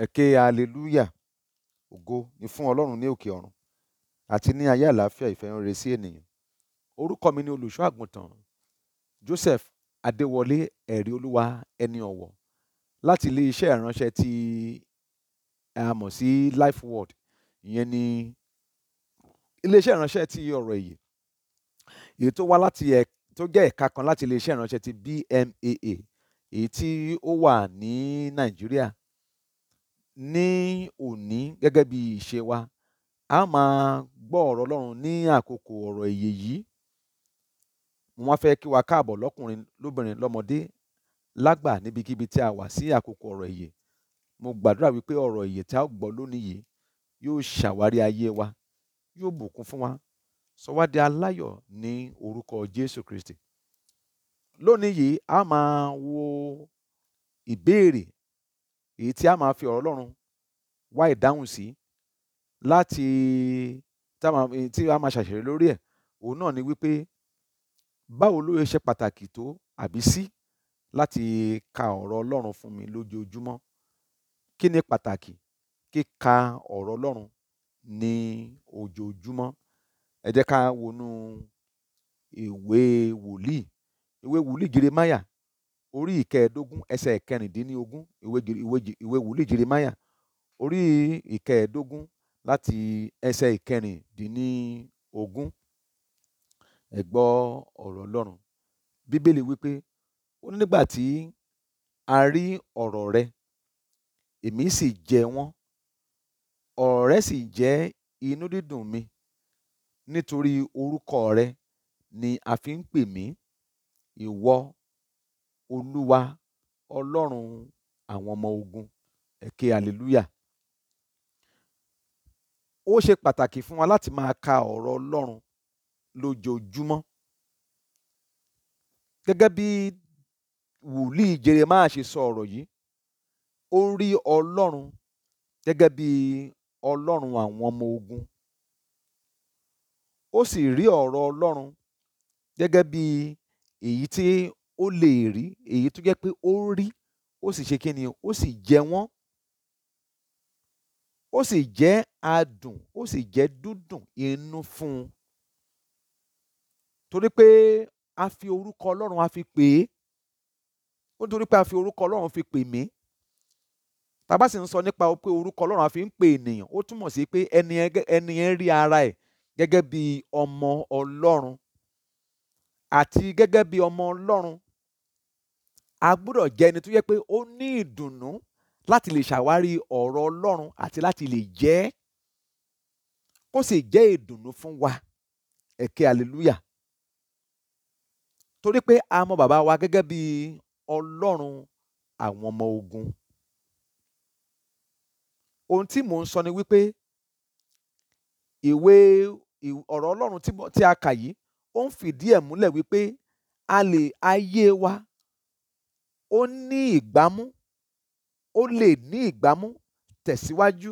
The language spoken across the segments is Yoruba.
ẹ ké haleluya ògo ni fún ọlọ́run ní òkè ọ̀run àti ní ayé àlàáfíà ìfẹ́ ń re sí ènìyàn orúkọ mi ni olùṣọ́ àgùntàn Joseph Adéwọlé ẹ̀rí olúwa ẹni ọ̀wọ̀ láti ilé iṣẹ́ ìránṣẹ́ tí a sí Life Word ìyẹn ni ilé iṣẹ́ ìránṣẹ́ ti ọ̀rọ̀ èyí èyí tó wá láti ẹ̀ tó jẹ́ ẹ̀ka kan láti ilé iṣẹ́ ìránṣẹ́ ti BMAA èyí tí ó wà ní Nàìjíríà ní òní gẹ́gẹ́ bí ìṣe wa a máa gbọ́ ọ̀rọ̀ Ọlọ́run ní àkókò ọ̀rọ̀ èyè yìí mo wá fẹ́ kí wa káàbọ̀ lọ́kùnrin lóbìnrin lọ́mọdé lágbà níbikíbi tí a wà sí àkókò ọ̀rọ̀ èyè mo gbàdúrà wípé ọ̀rọ̀ èyè tí a gbọ́ lónìí yìí yóò ṣàwárí ayé wa yóò bùkún fún wa sọ wá di aláyọ̀ ní orúkọ Jésù Kristi lónìí yìí a máa wo ìbéèrè èyí tí a máa fi ọ̀rọ̀ Ọlọ́run wá ìdáhùn sí láti tí a máa ṣàṣẹ̀rẹ̀ lórí ẹ̀ òun náà ni wípé báwo ló ṣe pàtàkì tó àbí sí láti ka ọ̀rọ̀ Ọlọ́run fún mi lójoojúmọ́ kí ni pàtàkì kíka ọ̀rọ̀ Ọlọ́run ní ojoojúmọ́ ẹ jẹ́ ká wọnú ìwé wòlíì ìwé wòlíì Jeremáyà orí ìkẹẹ̀ẹ́dógún ẹsẹ̀ kẹrìndínlógún ìwé wòlíì jeremáyà orí ìkẹẹ̀ẹ́dógún láti ẹsẹ̀ ìkẹrìndínlógún ẹ gbọ́ ọ̀rọ̀ ọlọ́run bíbélì wípé ó ní nígbà tí a rí ọ̀rọ̀ rẹ èmi sì jẹ wọ́n ọ̀rọ̀ rẹ sì jẹ́ inú dídùn mi nítorí orúkọ rẹ ni a fi ń pè mí ìwọ olúwa ọlọ́run àwọn ọmọ ogun ẹ̀kẹ́ hallelujah ó ṣe pàtàkì fún wa láti máa ka ọ̀rọ̀ ọlọ́run lójoojúmọ́ gẹ́gẹ́ bí wòlíì jeremáà ṣe sọ ọ̀rọ̀ yìí ó rí ọlọ́run gẹ́gẹ́ bí ọlọ́run àwọn ọmọ ogun ó sì rí ọ̀rọ̀ ọlọ́run gẹ́gẹ́ bí èyí tí ó lè rí èyí tó jẹ́ pé ó rí ó sì ṣe kí ni ó sì jẹ wọ́n ó sì jẹ́ adùn ó sì jẹ́ dúndùn inú fún un torí pé a fi orúkọ Ọlọ́run a fi pè é ó nítorí pé a fi orúkọ Ọlọ́run fi pè mí tàbá sì ń sọ nípa pé orúkọ Ọlọ́run a fi ń pè ènìyàn ó túmọ̀ sí pé ẹni yẹn rí ara ẹ̀ gẹ́gẹ́ bí ọmọ Ọlọ́run àti gẹ́gẹ́ bí ọmọ Ọlọ́run a gbọ́dọ̀ jẹ́ ẹni tó yẹ pé ó ní ìdùnnú láti lè ṣàwárí ọ̀rọ̀ Ọlọ́run àti láti lè jẹ́ kó sì jẹ́ ìdùnnú fún wa ẹ̀kẹ́ hallelujah torí pé a mọ bàbá wa gẹ́gẹ́ bí Ọlọ́run àwọn ọmọ ogun ohun tí mò ń sọ ni wípé ìwé ọ̀rọ̀ Ọlọ́run tí a kà yìí ó ń fìdí ẹ̀ múlẹ̀ wípé a lè ayé wa ó ní ìgbámú ó lè ní ìgbámú tẹ̀síwájú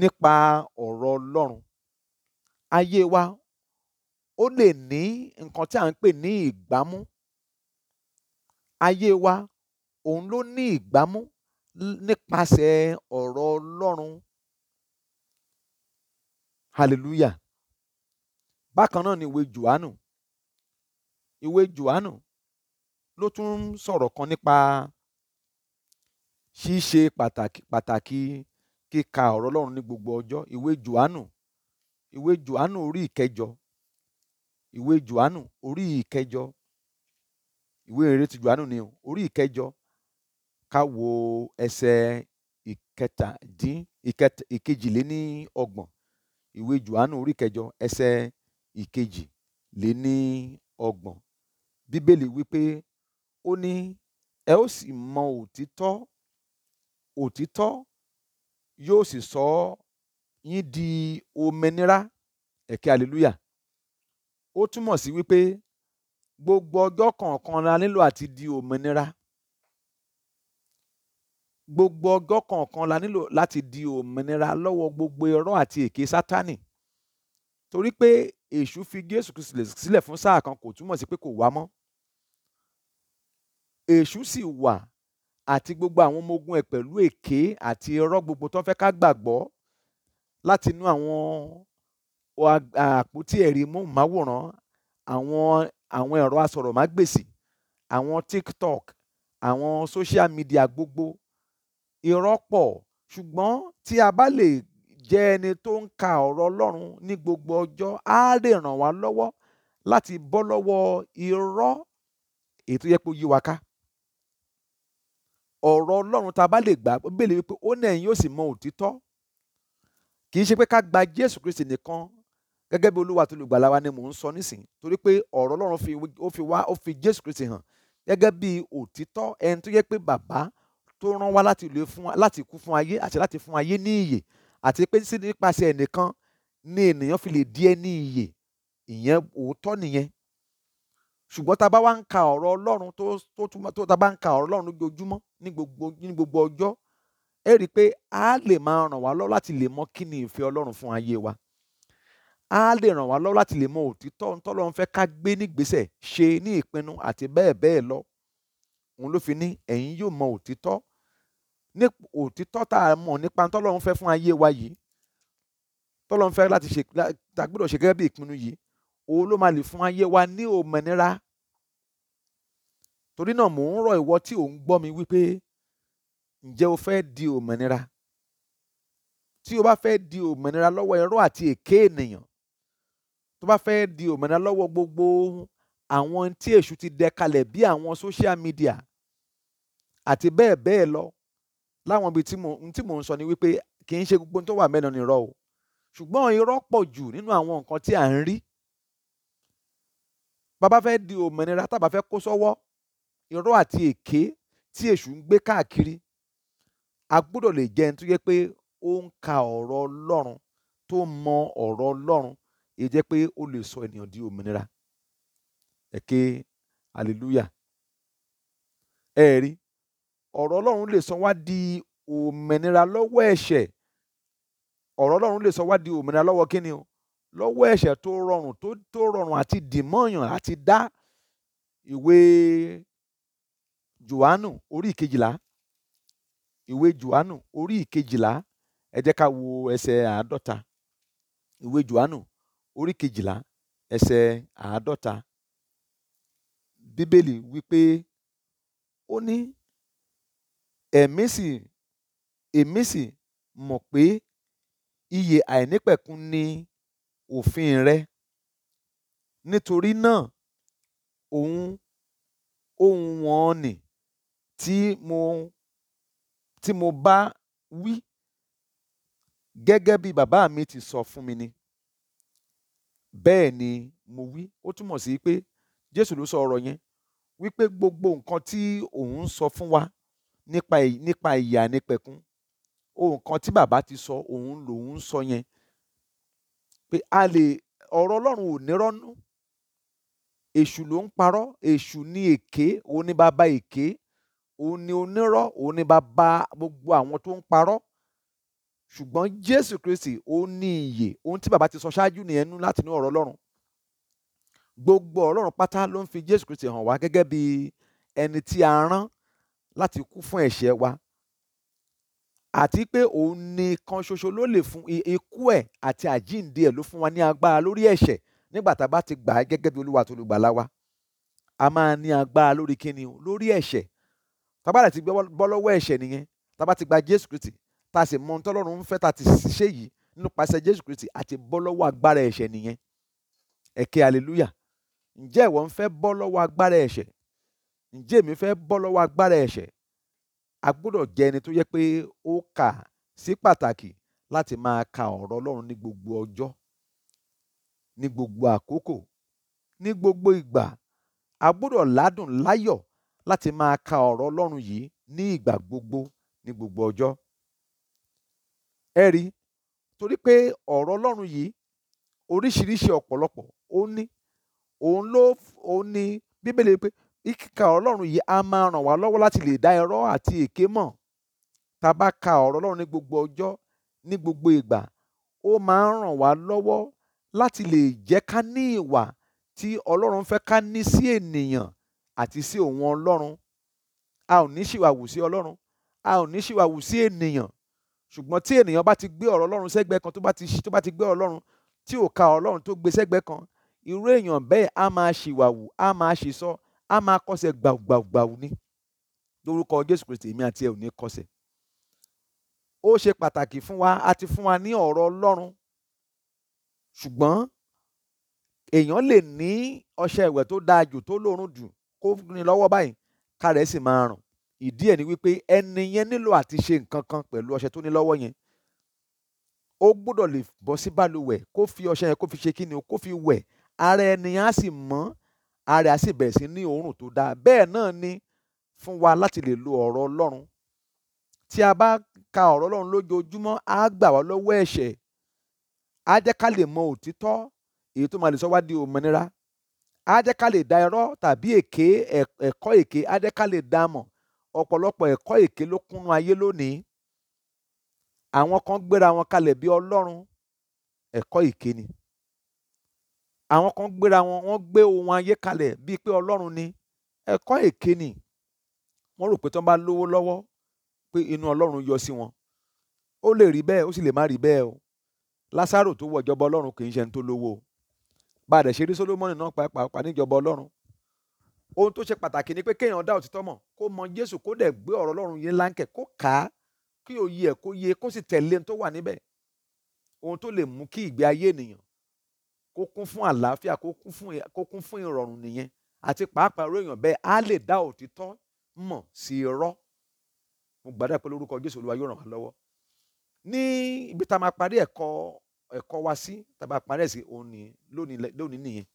nípa ọ̀rọ̀ Ọlọ́run ayé wa ó lè ní nǹkan tí à ń pè ní ìgbámú ayé wa òun ló ní ìgbámú nípasẹ̀ ọ̀rọ̀ Ọlọ́run hallelujah bákan náà ni ìwé Jòhánù ìwé Jòhánù ló tún sọ̀rọ̀ kan nípa ṣíṣe pàtàkì pàtàkì kíka ọ̀rọ̀ ọlọ́run ní gbogbo ọjọ́ ìwé johannu ìwé johannu orí ìkẹjọ ìwé johannu orí ìkẹjọ ìwé rere ti johannu ni orí ìkẹjọ ká wo ẹsẹ̀ ìkẹtàdín ìkejìléníọgbọ̀n ìwé johannu orí ìkẹjọ ẹsẹ̀ ìkejìléníọgbọ̀n bíbélì wípé ó ní ẹ ó sì mọ òtítọ́ òtítọ́ yóò sì sọ yín di òmìnira ẹ̀kẹ́ hallelujah ó túmọ̀ sí wípé gbogbo ọjọ́ kọ̀ọ̀kan la nílò àti di òmìnira gbogbo ọjọ́ kọ̀ọ̀kan la nílò láti di òmìnira lọ́wọ́ gbogbo irọ́ àti èké sátánì torí pé èṣù fi Jésù Kristi sílẹ̀ fún sáà kan kò túmọ̀ sí pé kò wá mọ́ èṣù sì wà àti gbogbo àwọn ọmọ ogun ẹ̀ pẹ̀lú èké àti irọ́ gbogbo tó fẹ́ ká gbàgbọ́ láti inú àwọn àpótí ẹ̀rí móhùnmáwòrán àwọn ẹ̀rọ asọ̀rọ̀mágbèsì àwọn tiktok àwọn social media gbogbo irọ́ pọ̀ ṣùgbọ́n tí a bá lè jẹ́ ẹni tó ń ka ọ̀rọ̀ Ọlọ́run ní gbogbo ọjọ́ á lè ràn wá lọ́wọ́ láti bọ́ lọ́wọ́ irọ́ èyí yẹ kó yí wa ká ọ̀rọ̀ ọlọ́run tá a bá lè gbà bẹ́ẹ̀ lè wípé ó náà yóò sì mọ òtítọ́ kì í ṣe pé ká gba jésù kristi nìkan gẹ́gẹ́ bí olúwa tó lè gbàlà wa ni mò ń sọ nísìnyí torí pé ọ̀rọ̀ ọlọ́run ó fi wá ó fi jésù kristi hàn gẹ́gẹ́ bí òtítọ́ ẹni tó yẹ pé bàbá tó rán wá láti lè fún láti kú fún ayé àti láti fún ayé ní ìyè àti pé sí nípasẹ̀ ẹnìkan ni ènìyàn fi lè di ẹni ìyè ìyẹn òótọ́ nìyẹn ṣùgbọ́n tá a bá wá ń ka ọ̀rọ̀ ọlọ́run tó tó túmọ̀ tó tá a bá ń ka ọ̀rọ̀ ọlọ́run lójoojúmọ́ ní gbogbo ní gbogbo ọjọ́ ẹ rí i pé a lè máa ràn wá lọ́wọ́ láti lè mọ kí ni ìfẹ́ ọlọ́run fún ayé wa a lè ràn wá lọ́wọ́ láti lè mọ òtítọ́ ntọ́lọ́run fẹ́ ká gbé nígbésẹ̀ ṣe ní ìpinnu àti bẹ́ẹ̀ bẹ́ẹ̀ lọ òun ló fi ní ẹ̀yin yóò mọ òtítọ́ ní òtítọ́ tá a mọ̀ nípa ntọ́lọ́run fẹ́ fún ayé wa yìí tọ́lọ́run fẹ́ láti ṣe tá ṣe gẹ́gẹ́ bí ìpinnu yìí òun ló máa lè fún ayé wa ní òmìnira torí náà mò ń rọ ìwọ tí ò ń gbọ́ mi wípé ǹjẹ́ o fẹ́ di òmìnira tí o bá fẹ́ di òmìnira lọ́wọ́ ẹ̀rọ àti èké ènìyàn tó bá fẹ́ di òmìnira lọ́wọ́ gbogbo àwọn tí èṣù ti dẹ kalẹ̀ bí àwọn social media àti bẹ́ẹ̀ bẹ́ẹ̀ lọ láwọn ibi tí mò ń sọ ni wípé kì í ṣe gbogbo tó wà mẹ́nu nìrọ̀ o ṣùgbọ́n irọ́ pọ̀ jù nínú àwọn nǹkan tí à ń rí bàbá fẹ́ di òmìnira tàbá fẹ́ kó sọ́wọ́ irọ́ àti èké tí èṣù ń gbé káàkiri a gbọ́dọ̀ lè jẹ́ ẹni pé ó ń ka ọ̀rọ̀ ọlọ́run tó mọ ọ̀rọ̀ ọlọ́run èyí jẹ́ pé ó lè sọ ènìyàn di òmìnira ẹ̀kẹ́ hallelujah ẹ̀rí ọ̀rọ̀ ọlọ́run lè sọ wá di òmìnira lọ́wọ́ ẹ̀ṣẹ̀ ọ̀rọ̀ ọlọ́run lè sọ wá di òmìnira lọ́wọ́ kíni o lọ́wọ́ ẹ̀ṣẹ̀ tó rọrùn tó rọrùn àti dìmọ́yàn àti dá ìwé johannu orí ìkejìlá ìwé johannu orí ìkejìlá ẹ ká wo ẹsẹ̀ àádọ́ta ìwé johannu orí kejìlá ẹsẹ̀ àádọ́ta bíbélì wípé ó ní ẹ̀mí sì èmi sì mọ̀ pé ìyè àìnípẹ̀kun ni òfin rẹ nítorí náà ohun ohùn wọn nì tí mo tí mo bá wí gẹ́gẹ́ bí bàbá mi ti sọ fún mi ni bẹ́ẹ̀ ni mo wí ó túmọ̀ sí pé Jésù ló sọ ọ̀rọ̀ yẹn wípé gbogbo nǹkan tí òun sọ fún wa nípa ìyà nípẹ̀kun ohun tí bàbá ti sọ òun lòun sọ yẹn pé a lè ọ̀rọ̀ ọlọ́run ò nírọ́nú èṣù ló ń parọ́ èṣù ní èké òun ní bàbá èké òun ní onírọ́ òun ní bàbá gbogbo àwọn tó ń parọ́ ṣùgbọ́n Jésù Kristi òun ní ìyè òun tí bàbá ti sọ ṣáájú nìyẹn nú láti ní ọ̀rọ̀ ọlọ́run gbogbo ọlọ́run pátá ló ń fi Jésù Kristi hàn wá gẹ́gẹ́ bí ẹni tí a rán láti kú fún ẹ̀ṣẹ̀ wa àti pé òun nìkan ṣoṣo ló lè fún ikú ẹ̀ àti àjíǹde ẹ̀ ló fún wa ní agbára lórí ẹ̀ṣẹ̀ nígbà tá a bá ti gbà á gẹ́gẹ́ bí olúwa tó lùgbàlà wa a máa ní agbára lórí kíni o lórí ẹ̀ṣẹ̀ tá a bá ti bọ́ lọ́wọ́ ẹ̀ṣẹ̀ nìyẹn tá ti gba Jésù Kristi tá a sì mọ tọ́lọ́run ń fẹ́ tá a ti ṣe yìí nípasẹ̀ Jésù Kristi àti bọ́ lọ́wọ́ agbára ẹ̀ṣẹ̀ nìyẹn ẹ̀kẹ́ hallelujah ǹjẹ́ ìwọ ń fẹ́ bọ́ lọ́wọ́ agbára ẹ̀ṣẹ̀ ǹjẹ́ èmi fẹ́ bọ́ lọ́wọ́ agbára ẹ̀ṣẹ̀ a gbọ́dọ̀ jẹ́ ẹni tó yẹ pé ó kà sí pàtàkì láti máa ka ọ̀rọ̀ Ọlọ́run ní gbogbo ọjọ́ ní gbogbo àkókò ní gbogbo ìgbà a gbọ́dọ̀ ládùn láyọ̀ láti máa ka ọ̀rọ̀ Ọlọ́run yìí ní ìgbà gbogbo ní gbogbo ọjọ́ ẹ rí torí pé ọ̀rọ̀ Ọlọ́run yìí oríṣiríṣi ọ̀pọ̀lọpọ̀ ó ní òun ló òun ni Bíbélì pé ìkíkà ọlọ́run yìí a máa ràn wá lọ́wọ́ láti lè dá irọ́ àti èké mọ̀ tá a bá ka ọ̀rọ̀ ọlọ́run ní gbogbo ọjọ́ ní gbogbo ìgbà ó máa ń ràn wá lọ́wọ́ láti lè jẹ́ ká ní ìwà tí ọlọ́run fẹ́ ká ní sí ènìyàn àti sí òun ọlọ́run a ò ní ṣìwàwù sí ọlọ́run a ò ní ṣìwàwù sí ènìyàn ṣùgbọ́n tí ènìyàn bá ti gbé ọ̀rọ̀ ọlọ́run sẹ́gbẹ́ kan tó bá ti gbé ọlọ́run tí ò ka ọlọ́run tó gbé sẹ́gbẹ́ kan irú èèyàn bẹ́ẹ̀ á máa ṣìwàwù á máa ṣìsọ a máa kọsẹ̀ gbàùgbàùgbàù ni lórúkọ jésù kristi èmi àti ẹ ò ní kọsẹ̀ ó ṣe pàtàkì fún wa a ti fún wa ní ọ̀rọ̀ ọlọ́run ṣùgbọ́n èèyàn lè ní ọṣẹ ìwẹ̀ tó dáa jù tó lóòrùn jù kó ní lọ́wọ́ báyìí ká rẹ̀ sì máa rùn ìdí ẹ̀ ni wípé ẹni yẹn nílò àti ṣe nǹkan kan pẹ̀lú ọṣẹ tó ní lọ́wọ́ yẹn ó gbọ́dọ̀ lè bọ́ sí balùwẹ̀ kó fi ọṣẹ yẹn kó fi ṣe kíni kó fi wẹ̀ ara ẹni yẹn á sì mọ́ ara sì bẹ̀rẹ̀ sí ní òórùn tó dáa bẹ́ẹ̀ náà ni fún wa láti lè lo ọ̀rọ̀ ọlọ́run tí a bá ka ọ̀rọ̀ ọlọ́run lójoojúmọ́ á gbà wá lọ́wọ́ ẹ̀ṣẹ̀ á jẹ́ ká lè mọ òtítọ́ èyí tó máa lè sọ wá di òmìnira á jẹ́ ká lè da irọ́ tàbí èké ẹ̀kọ́ èké á jẹ́ ká lè da mọ̀ ọ̀pọ̀lọpọ̀ ẹ̀kọ́ èké ló kúnnú ayé lónìí àwọn kan gbéra wọn kalẹ̀ bí ọlọ́run ẹ̀kọ́ èké ni àwọn kan gbéra wọn wọ́n gbé ohun ayé kalẹ̀ bíi pé ọlọ́run ni ẹ̀kọ́ èké ni wọ́n rò pé tí wọ́n bá lówó lọ́wọ́ pé inú ọlọ́run yọ sí wọn ó lè rí bẹ́ẹ̀ ó sì lè má rí bẹ́ẹ̀ o lásàrò tó wọ ìjọba ọlọ́run kì í ṣe ń tó lówó bá a dẹ̀ ṣe rí solomoni náà pàápàá níjọba ọlọ́run ohun tó ṣe pàtàkì ni pé kéèyàn dá òtítọ́ mọ̀ kó mọ jésù kó dẹ̀ gbé ọ̀rọ̀ ọlọ́run yé láǹkẹ̀ kó kà á kí òye ẹ̀ kó yé kó sì tẹ̀lé ohun tó wà níbẹ̀ ohun tó lè mú kí ìgbé ayé ènìyàn kó kún fún àlàáfíà kó kún fún kó kún fún ìrọ̀rùn nìyẹn àti pàápàá ròyìn bẹ́ẹ̀ á lè dá òtítọ́ mọ̀ sí irọ́ mo gbàdúrà pé lórúkọ Jésù Olúwa yóò ràn wá lọ́wọ́ ní ibi tá a máa parí ẹ̀kọ́ ẹ̀kọ́ wa sí tá a máa parí ẹ̀ sí òní lónìí nìyẹn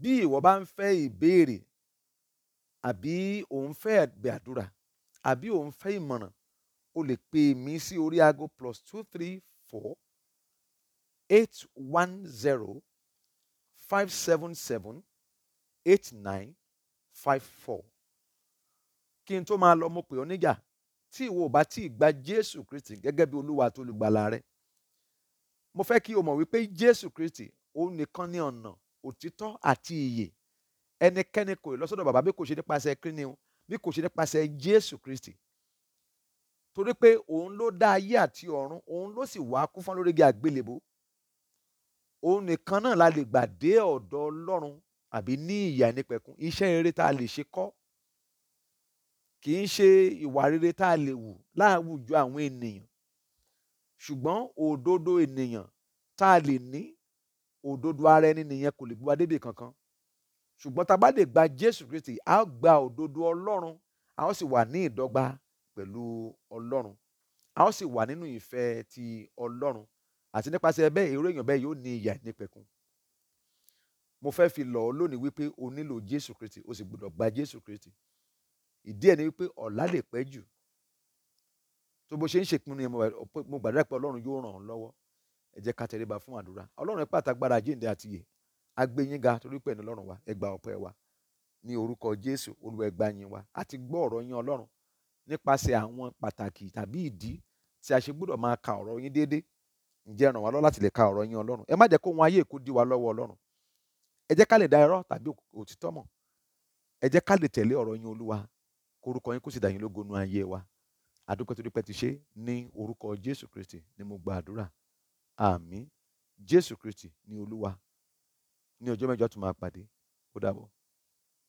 bí ìwọ bá ń fẹ́ ìbéèrè àbí òun fẹ́ ẹ̀bẹ̀ àdúrà àbí òun fẹ́ ìmọ̀ràn o lè pè mí sí orí aago plus two three four 810 577 8954 kí n tó máa lọ mo pè ọ́ níjà tí ìwọ ò bá tí ì gba Jésù Kristi gẹ́gẹ́ bí Olúwa tó lùgbàlà rẹ mo fẹ́ kí o mọ̀ wípé Jésù Kristi òun nìkan ní ọ̀nà òtítọ́ àti ìyè ẹnikẹ́ni kò lọ sọ́dọ̀ bàbá bí kò ṣe nípasẹ̀ kíni o bí kò ṣe nípasẹ̀ Jésù Kristi torí pé òun ló dá ayé àti ọ̀run òun ló sì wá kú fún lórí igi àgbélébó òun nìkan náà la lè gbà dé ọ̀dọ̀ ọlọ́run àbí ní ìyà nípẹ̀kun iṣẹ́ rere tá a lè ṣe kọ́ kì í ṣe ìwà rere tá a lè wù láwùjọ àwọn ènìyàn ṣùgbọ́n òdodo ènìyàn tá a lè ní òdodo ara ẹni nìyẹn kò lè gbé wa débi kankan ṣùgbọ́n tá a bá lè gba Jésù Kristi a gba òdodo Ọlọ́run a ó sì wà ní ìdọ́gba pẹ̀lú Ọlọ́run a ó sì wà nínú ìfẹ́ ti Ọlọ́run àti nípasẹ̀ bẹ́ẹ̀ èrò èèyàn bẹ́ẹ̀ yóò ní ìyà nípẹ̀kun mo fẹ́ fi lọ̀ ọ́ lónìí wípé o nílò Jésù Kristi o sì gbọdọ̀ gba Jésù Kristi ìdí ẹ̀ ni wípé ọ̀la lè pẹ́ jù tó bó ṣe ń ṣèpinnu yẹn mo gbàdúrà pé Ọlọ́run yóò ràn ọ́ lọ́wọ́ ẹ jẹ́ ká tẹríba fún àdúrà Ọlọ́run ẹ pàtàgbára jíǹde àti yè agbẹ́yìnga torí pé ẹni Ọlọ́run wa ẹ gba ọpẹ́ wa ní orúkọ Jésù Olúwa ẹ gbà yín wa àti gbọ́ ọ̀rọ̀ yín Ọlọ́run nípasẹ̀ àwọn pàtàkì tàbí ìdí tí a ṣe gbọ́dọ̀ máa ka ọ̀rọ̀ yín déédéé ǹjẹ́ ràn wá lọ́wọ́ láti lè ka ọ̀rọ̀ yín ọlọ́run ẹ má jẹ́ kó wọn ayé èkó dí wa lọ́wọ́ ọlọ́run ẹ jẹ́ ká lè da irọ́ tàbí òtítọ́ mọ̀ ẹ jẹ́ ká lè tẹ̀lé ọ̀rọ̀ yín olúwa korúkọ yín kó sì dà yín lógo nu ayé wa àdúgbò tó dúpẹ́ ti ṣe ní orúkọ jésù kristi ni mo gba àdúrà àmín jésù kristi ni olúwa ní ọjọ́ mẹ́jọ tó máa pàdé ó dàbọ̀.